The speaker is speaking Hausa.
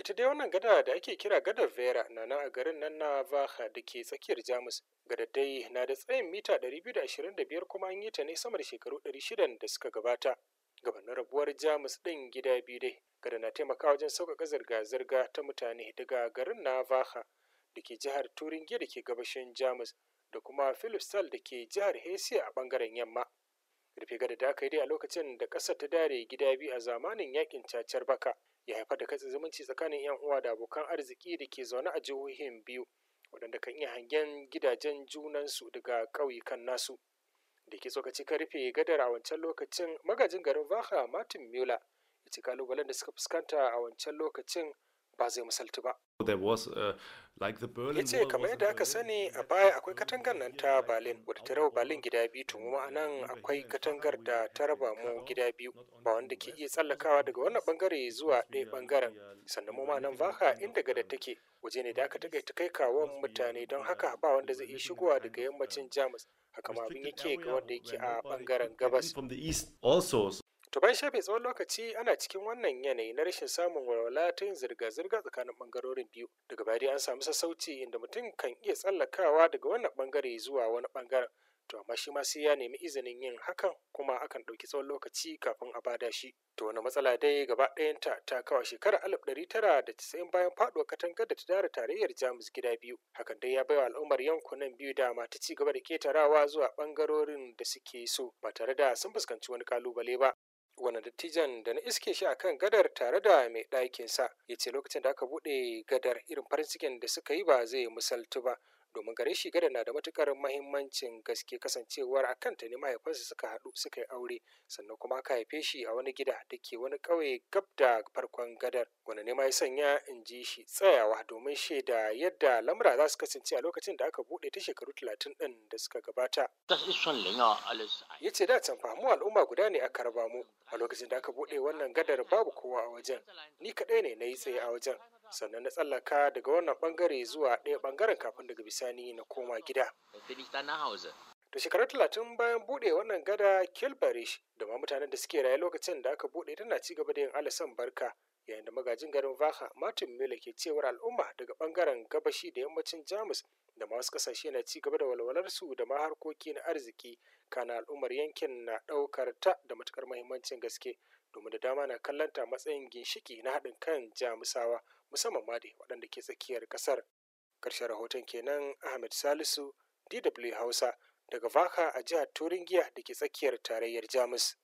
Ita dai wannan gada da ake kira gadar Vera na nan a garin nan na Vaha da ke tsakiyar Jamus. gada dai na da tsayin mita 225 kuma an yi ta ne sama da shekaru 600 da suka gabata. Gabanin rabuwar Jamus ɗin gida biyu dai. Gada na taimakawa wajen sauƙaƙa zirga-zirga ta mutane daga garin na Vaha da ke jihar Turingiya da ke gabashin Jamus da kuma philipsal da ke jihar Hesiya a bangaren yamma. Rufe gada da aka yi dai a lokacin da ƙasa ta dare gida biyu a zamanin yakin cacar baka. ya haifar da katse zumunci tsakanin 'yan uwa da abokan arziki da ke zaune a jihohin biyu waɗanda kan iya hangen gidajen junansu daga ƙauyukan nasu da ke tsokaci ka karfe gadar a wancan lokacin magajin garin vaha martin mueller ya ci kalubalen da suka fuskanta a wancan lokacin ba zai misaltu ba. Uh, ya ce kamar yadda aka sani a baya akwai katangar nan ta Berlin wadda ta raba Berlin gida biyu to kuma a nan akwai katangar da ta raba mu gida biyu ba wanda ke iya tsallakawa daga wannan bangare zuwa ɗaya bangaren sannan mu nan Vaha inda gada take waje ne da aka ta kai kawon mutane don haka ba wanda zai iya shigowa daga yammacin Jamus haka ma abin yake ga wanda yake a bangaren gabas. To bai shafe tsawon lokaci ana cikin wannan yanayi na rashin samun walwala ta yin zirga-zirga tsakanin bangarorin biyu. Daga baya an samu sassauci inda mutum kan iya tsallakawa daga wannan bangare zuwa wani bangaren. To amma shi ma sai ya nemi izinin yin hakan kuma akan ɗauki tsawon lokaci kafin a bada shi. To wani matsala dai gaba ɗayanta ta kawo shekarar alif ɗari tara da casa'in bayan faɗuwar katangar da ta dara tarayyar Jamus gida biyu. Hakan dai ya baiwa al'ummar yankunan biyu dama ta ci gaba da ketarawa zuwa bangarorin da suke so ba tare da sun fuskanci wani kalubale ba. wani dattijan da na iske shi akan gadar tare da mai ɗakinsa ya ce lokacin da aka buɗe gadar irin farin cikin da suka yi ba zai misaltu ba domin gare shi gadar na da matukar mahimmancin gaske kasancewar a kanta ne mahaifansa suka haɗu suka yi aure sannan kuma ka haife shi a wani gida da ke wani ƙauye gab da farkon gadar wanda ne ma ya sanya in ji shi tsayawa domin shaida yadda lamura za su kasance a lokacin da aka buɗe ta shekaru talatin ɗin da suka gabata. ya ce da can famu al'umma guda ne aka raba mu a lokacin da aka buɗe wannan gadar babu kowa a wajen ni kaɗai ne na yi tsaye a wajen sannan na tsallaka daga wannan bangare zuwa ɗaya bangaren kafin daga bisani na koma gida da shekarar talatin bayan buɗe wannan gada kilbarish da ma mutanen da suke raye lokacin da aka buɗe tana ci gaba da yin alasan barka yayin da magajin garin vaha martin miller ke cewar al'umma daga bangaren gabashi da yammacin jamus da ma wasu kasashe na ci gaba da walwalar su da ma harkoki na arziki kana al'ummar yankin na ɗaukar ta da matukar muhimmancin gaske domin da dama na kallanta matsayin ginshiki na haɗin kan jamusawa musamman ma dai waɗanda ke tsakiyar ƙasar. Ƙarshen rahoton kenan Ahmed Salisu, DW Hausa, daga Vaka a jihar Turingiya da ke tsakiyar tarayyar Jamus.